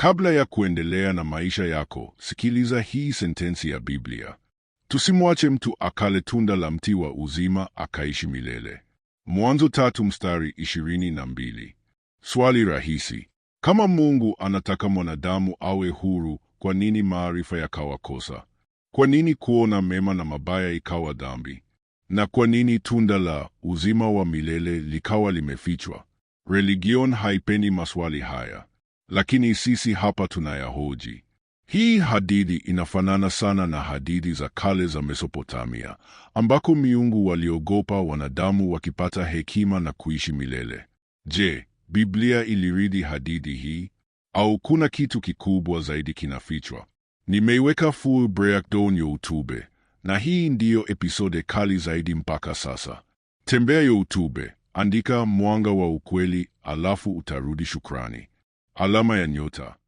Kabla ya kuendelea na maisha yako, sikiliza hii sentensi ya Biblia: tusimwache mtu akale tunda la mti wa uzima akaishi milele. Mwanzo tatu mstari ishirini na mbili. Swali rahisi: kama Mungu anataka mwanadamu awe huru, kwa nini maarifa yakawa kosa? Kwa nini kuona mema na mabaya ikawa dhambi? Na kwa nini tunda la uzima wa milele likawa limefichwa? Religion haipendi maswali haya lakini sisi hapa tunayahoji. Hii hadithi inafanana sana na hadithi za kale za Mesopotamia, ambako miungu waliogopa wanadamu wakipata hekima na kuishi milele. Je, Biblia iliridi hadithi hii au kuna kitu kikubwa zaidi kinafichwa? Nimeiweka full breakdown YouTube, na hii ndiyo episode kali zaidi mpaka sasa. Tembea YouTube, andika mwanga wa ukweli, alafu utarudi. Shukrani. alama ya nyota.